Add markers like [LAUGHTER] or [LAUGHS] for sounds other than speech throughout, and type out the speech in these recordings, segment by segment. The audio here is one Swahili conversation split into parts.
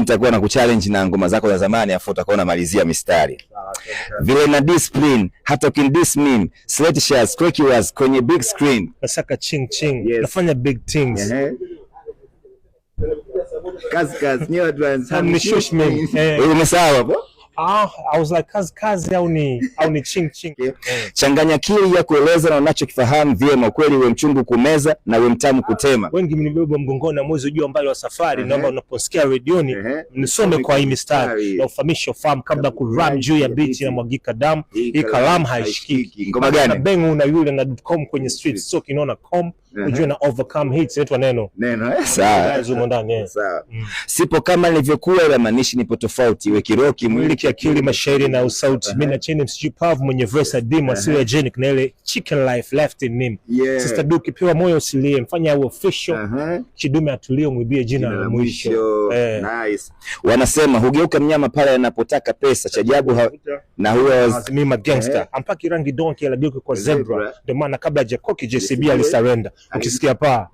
mimi nitakuwa na kuchallenge na ngoma zako za zamani, afu utakuwa unamalizia mistari vile na discipline. Hata ukinidiss shares Sletsha was kwenye big screen nasaka ching ching, yes. nafanya big things yeah. kazi kazi, eh. umesahau hapo ah, I was like kazi kazi au ni au ni ching ching. [LAUGHS] Eh. Changanya kile ya kueleza na unachokifahamu vyema, kweli we mchungu kumeza na we mtamu kutema. Wengi mnibeba mgongoni na mwezi ujua mbali wa safari, naomba unaposikia redioni nisome kwa hii mistari na ufahamishe ufahamu kabla kuram juu ya beat na mwagika damu. Hii kalamu haishikiki. Ngoma gani? Bengu na yule na .com kwenye street so kinaona com ujue na overcome hits yetu neno neno, eh, sawa zumo ndani eh, sawa mm. Sipo kama nilivyokuwa, ila maanishi nipo tofauti, iwe kiroho, kimwili, kiakili, mashairi na usauti. Mimi na chini msiju pavu mwenye verse adimu asili ya genic na ile chicken life left in him yeah. Sister duke pewa moyo usilie, mfanya au official Chidume atulie mwibie jina la mwisho eh. Nice, wanasema hugeuka mnyama pale anapotaka pesa, cha ajabu na huwa azimima gangster ampaki rangi donkey la duke kwa zebra, ndio maana kabla ya Jacoki JCB alisurrender ukisikia paa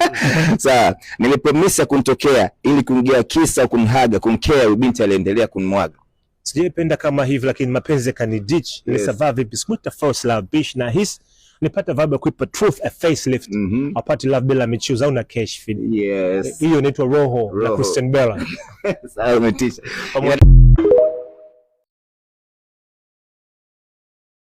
[LAUGHS] sawa. Nilipromisa kuntokea ili kumgea kisa kumhaga kumkea, ubinti aliendelea kunmwaga sijaipenda kama hivi, lakini mapenzi ditch yes. ni survive vipi? Sikuita false love bitch na his nipata vibe ya kuipa truth a facelift, apati mhm. love bila michuzi au na cash feed. Yes, hiyo inaitwa roho na Christian Bella. [LAUGHS] Sawa, umetisha.